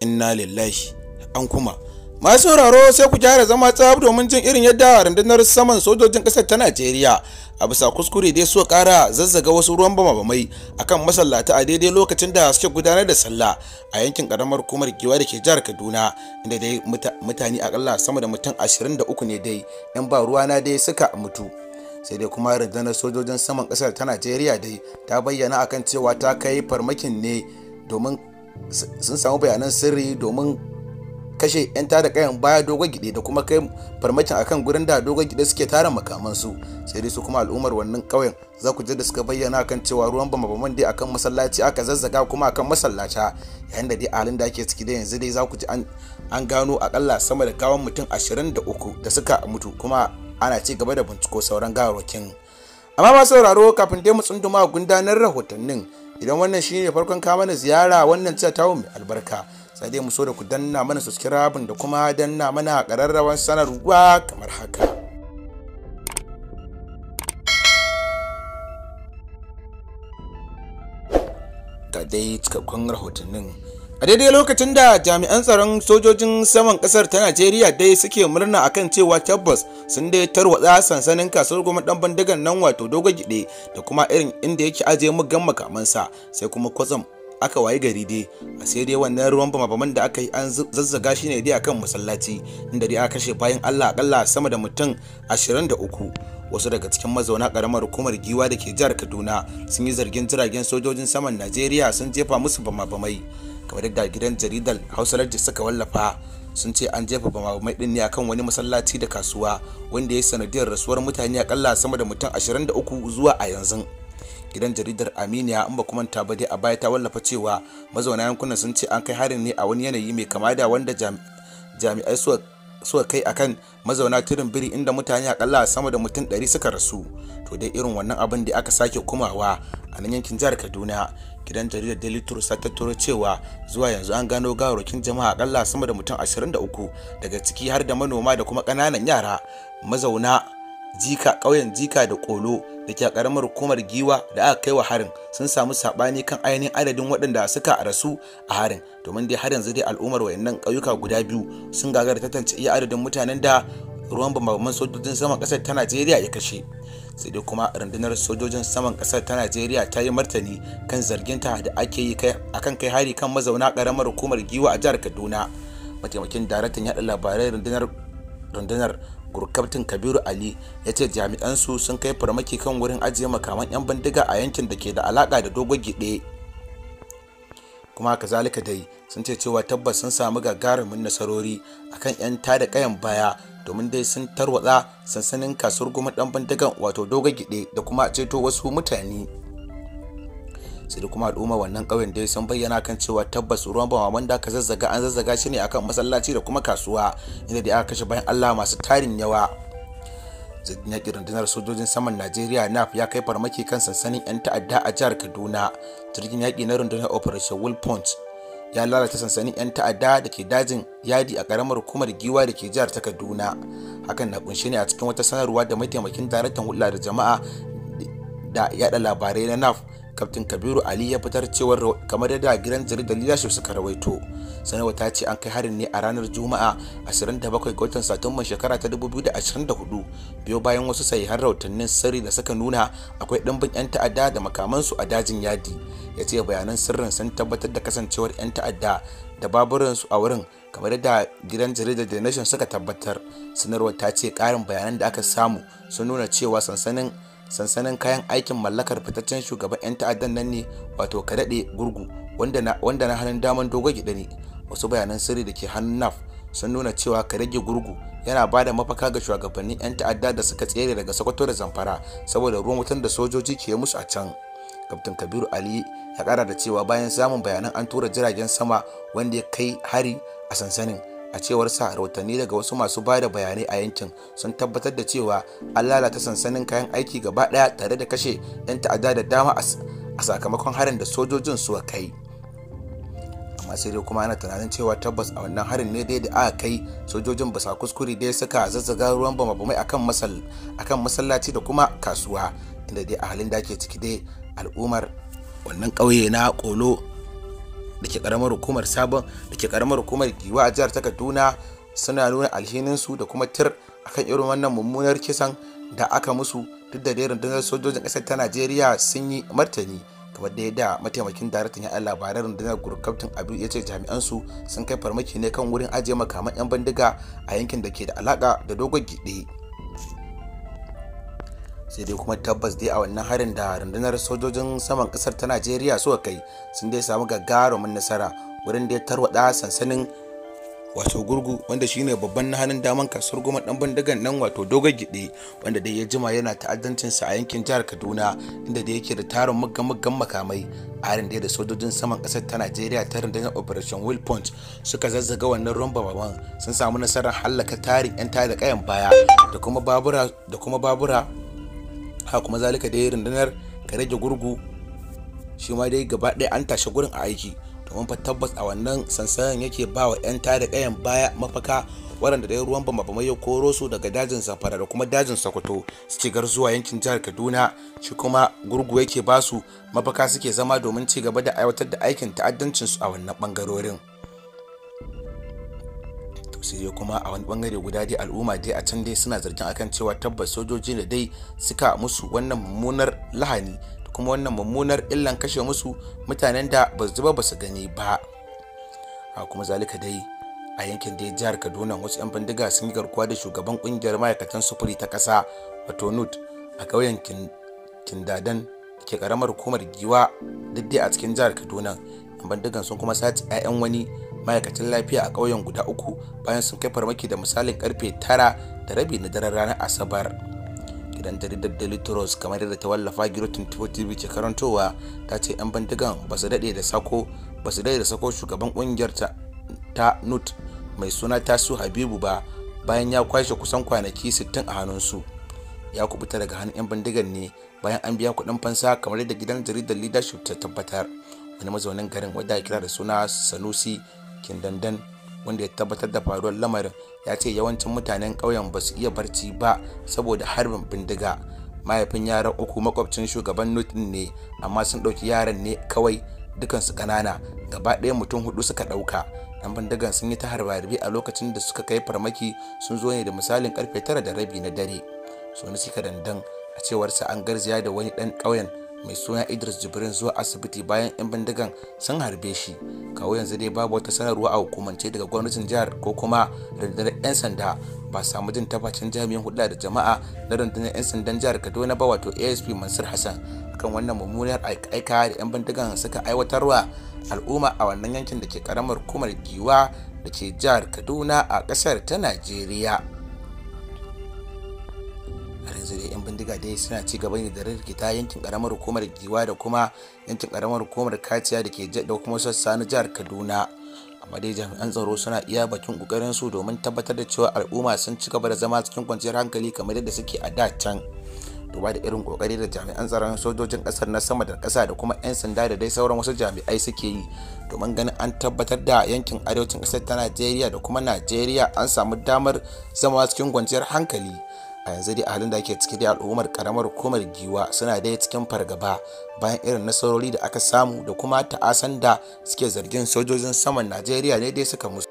inna lillahi an kuma masu sauraro sai ku gyara zama tsab domin jin irin yadda rundunar saman sojojin kasar ta najeriya a bisa kuskure dai suka kara zazzaga wasu ruwan bama a akan masallata a daidai lokacin da suke gudanar da sallah a yankin karamar kumar giwa da ke jihar kaduna inda dai mutane akalla sama da mutum 23 ne dai yan ba ruwana dai suka mutu sai dai kuma rundunar sojojin saman kasar ta najeriya dai ta bayyana akan cewa ta kai farmakin ne domin sun samu bayanan sirri domin kashe 'yan tada kayan baya dogon gide da kuma kai farmakin akan gurin da dogon gide suke tara makamansu sai dai su kuma al'ummar wannan ƙauyen za ku ji da suka bayyana kan cewa ruwan bama baman dai akan masallaci aka zazzaga kuma akan masallaca yayin da dai halin da ake ciki da yanzu dai za ku ji an gano akalla sama da kawon mutum 23 da suka mutu kuma ana ci gaba da binciko sauran gawarwakin amma ba sauraro kafin dai mu tsunduma gundanar rahotannin idan wannan shine farkon ka mana ziyara wannan cewa ta mai albarka sai dai mu so da ku danna mana subscribe da kuma danna mana ƙararrawar sanarwa kamar haka ga dai cikakkun rahotannin a daidai lokacin da jami'an tsaron sojojin saman kasar ta najeriya dai suke murna akan cewa tabbas sun dai tarwatsa sansanin kasuwar goma dan bandigan nan wato dogo gide da kuma irin inda yake ajiye mugan makamansa sai kuma kwatsam aka wayi gari dai a sai dai wannan ruwan bama da aka yi an zazzaga shi ne dai akan masallaci inda dai aka kashe bayan allah akalla sama da mutum 23 wasu daga cikin mazauna karamar hukumar giwa da ke jihar kaduna sun yi zargin jiragen sojojin saman najeriya sun jefa musu bama kamar yadda gidan jaridar hausa lardi suka wallafa sun ce an jefa bamamai din ne akan wani masallaci da kasuwa wanda ya sanadiyar rasuwar mutane akalla sama da mutum 23 zuwa a yanzu gidan jaridar aminiya in ba manta ta dai a baya ta wallafa cewa mazauna yankunan sun ce an kai harin ne a wani yanayi mai kama da wanda jami'ai suka suka kai akan mazauna turin biri inda mutane akalla sama da mutum 100 suka rasu to dai irin wannan abin da aka sake kumawa a nan yankin jihar kaduna gidan jaridar daily trust ta tattaro cewa zuwa yanzu an gano gawarwakin jama'a akalla sama da mutum 23 daga ciki har da manoma da kuma ƙananan yara mazauna jika ƙauyen jika da kolo da ke ƙaramar hukumar giwa da aka kai wa harin sun samu saɓani kan ainihin adadin waɗanda suka rasu a harin domin dai har yanzu dai al'ummar wayannan ƙauyuka guda biyu sun gagara tantance iya adadin mutanen da ruwan bambaman sojojin saman ƙasar ta najeriya ya kashe sai dai kuma rundunar sojojin saman ƙasar ta najeriya ta yi martani kan zarginta da ake yi akan kai hari kan mazauna ƙaramar hukumar giwa a jihar kaduna mataimakin daraktan yaɗa labarai rundunar rundunar gurkaftin kabiru ali ya ce jami'ansu sun kai farmaki kan wurin ajiye makaman 'yan bindiga a yankin da ke da alaka da dogogi gide kuma kazalika dai sun ce cewa tabbas sun samu gagarumin nasarori akan 'yan tada kayan baya domin dai sun tarwatsa sansanin kasuwar goma dan bindigan wato dogogi gide da kuma ceto wasu mutane sai da kuma al'umma wannan ƙauyen dai sun bayyana kan cewa tabbas ruwan bama wanda aka zazzaga an zazzaga shi ne akan masallaci da kuma kasuwa inda da aka kashe bayan Allah masu tarin yawa yaƙi rundunar sojojin saman najeriya naf ya kai farmaki kan sansanin 'yan ta'adda a jihar kaduna jirgin yaƙi na rundunar operation will punch ya lalata sansanin 'yan ta'adda da ke dajin yadi a karamar hukumar giwa da ke jihar ta kaduna hakan na kunshi ne a cikin wata sanarwa da mataimakin daraktan hulɗa da jama'a da yada labarai na naf kaftin kabiru ali ya fitar cewar kamar yadda gidan jaridar leadership suka rawaito sanarwa ta ce an kai harin ne a ranar juma'a 27 ga watan satumban shekara ta 2024 biyo bayan wasu har rautannin sirri da suka nuna akwai ɗimbin 'yan ta'adda da makamansu a dajin yadi ya ce bayanan sirrin sun tabbatar da kasancewar 'yan ta'adda da baburansu a wurin kamar yadda gidan jaridar the nation suka tabbatar sanarwar ta ce ƙarin bayanan da aka samu sun nuna cewa sansanin sansanin kayan aikin mallakar fitaccen shugaban 'yan ta'addan nan ne wato kadaɗe gurgu wanda na hannun daman dogo gida ne wasu bayanan sirri da ke hannun naf sun nuna cewa karage gurgu yana ba da mafaka ga shugabannin 'yan ta'adda da suka tsere daga sakwato da zamfara saboda ruwan wutan da sojoji ke musu a can kaftin kabiru ali ya kara da cewa bayan samun bayanan an tura jiragen sama wanda ya kai hari a sansanin a cewar sa rahotanni daga wasu masu ba da bayanai a yankin sun tabbatar da cewa an lalata sansanin kayan aiki gaba daya tare da kashe 'yan ta'adda da dama a sakamakon harin da sojojin suka kai amma sai dai kuma ana tunanin cewa tabbas a wannan harin ne dai da aka kai sojojin basa kuskure dai suka zazzaga ruwan bama bamai akan masal masallaci da kuma kasuwa inda dai a halin da ke ciki dai al'ummar wannan ƙauye na kolo da ke karamar hukumar sabon da ke karamar hukumar giwa a jihar ta kaduna suna nuna alhininsu da kuma tir akan irin wannan mummunar kisan da aka musu duk da dai rundunar sojojin ƙasar ta najeriya sun yi martani kamar da yadda mataimakin daraktan ya labaran rundunar kaftin abu ya ce jami'an su sun kai farmaki ne kan wurin ajiye makaman 'yan bindiga a yankin da ke da alaka da dogon giɗe sai dai kuma tabbas dai a wannan harin da rundunar sojojin saman kasar ta najeriya suka kai sun dai samu gagarumin nasara wurin da ya tarwada sansanin wato gurgu wanda shine babban na hannun daman kasuwar goma dan bindigan nan wato dogon gide wanda dai ya jima yana ta'addancin sa a yankin jihar Kaduna inda da yake da tarin muggan muggan makamai a harin da sojojin saman kasar ta Najeriya ta rundunar Operation Will point suka zazzaga wannan rumba baban sun samu nasarar hallaka tarin yan tada kayan baya da kuma babura da kuma babura haka kuma zalika dai rundunar ka rage gurgu shi ma dai gaba ɗaya an tashi gurin a aiki domin fa tabbas a wannan sansanin yake ba wa 'yan tada ƙayan baya mafaka waɗanda dai ruwan bamba bamai ya koro su daga dajin zamfara da kuma dajin sokoto su cigar zuwa yankin jihar kaduna shi kuma gurgu yake basu mafaka suke zama domin ci gaba da aiwatar da aikin ta'addancinsu a wannan bangarorin. to sai dai kuma a wani bangare guda dai al'umma dai a can dai suna zargin akan cewa tabbas sojoji ne dai suka musu wannan mummunar lahani da kuma wannan mummunar illan kashe musu mutanen da ba su ba su gani ba a kuma zalika dai a yankin dai jihar kaduna wasu 'yan bindiga sun yi garkuwa da shugaban kungiyar ma'aikatan sufuri ta kasa wato nut a ƙauyen kindadan ke karamar hukumar giwa duk dai a cikin jihar kaduna 'yan bindigan sun kuma sace 'ya'yan wani ma'aikatan lafiya a ƙauyen guda uku bayan sun kai farmaki da misalin karfe tara da rabi na daren ranar asabar gidan jaridar daily trust kamar yadda ta wallafa girotin tv ce karantowa ta ce 'yan bandigan ba su daɗe da sako ba su daɗe da sako shugaban ƙungiyar ta, nut mai suna tasu habibu ba bayan ya kwashe kusan kwanaki 60 a hannunsu ya kubuta daga hannun 'yan bindigan ne bayan an biya kuɗin fansa kamar yadda gidan jaridar leadership ta tabbatar wani mazaunin garin wadda ya kira da suna sanusi kindandan wanda ya tabbatar da faruwar lamarin ya ce yawancin mutanen ƙauyen ba su iya barci ba saboda harbin bindiga mahaifin yaran uku makwabcin shugaban nutin ne amma sun ɗauki yaran ne kawai dukansu ƙanana gaba ɗaya mutum hudu suka ɗauka yan bindigan sun yi ta harbe a lokacin da suka kai farmaki sun zo ne da misalin karfe tara da rabi na dare so na suka dandan a cewarsa an garzaya da wani ɗan ƙauyen mai suna idris jibrin zuwa asibiti bayan 'yan bindigan sun harbe shi kawo yanzu dai babu wata sanarwa a hukumance daga gwamnatin jihar ko kuma rundunar 'yan sanda ba samu jin tabbacin jami'in hulɗa da jama'a na rundunar 'yan sandan jihar kaduna ba wato asp mansur hassan kan wannan mummunar aika da 'yan bindigan suka aiwatarwa al'umma a wannan yankin da ke karamar hukumar giwa da ke jihar kaduna a ƙasar ta najeriya ga dai suna ci gaba ne da rikita yankin karamar hukumar giwa da kuma yankin karamar hukumar kaciya da ke da kuma sassa na jihar kaduna amma dai jami'an tsaro suna iya bakin kokarin su domin tabbatar da cewa al'umma sun ci gaba da zama cikin kwanciyar hankali kamar yadda suke a da can duba da irin kokari da jami'an tsaron sojojin kasar na sama da kasa da kuma 'yan sanda da dai sauran wasu jami'ai suke yi domin ganin an tabbatar da yankin arewacin kasar ta najeriya da kuma najeriya an samu damar zama cikin kwanciyar hankali a yanzu dai a halin da ake ciki da al'ummar karamar hukumar giwa suna dai cikin fargaba bayan irin nasarori da aka samu da kuma ta'asan da suke zargin sojojin saman najeriya ne dai suka musu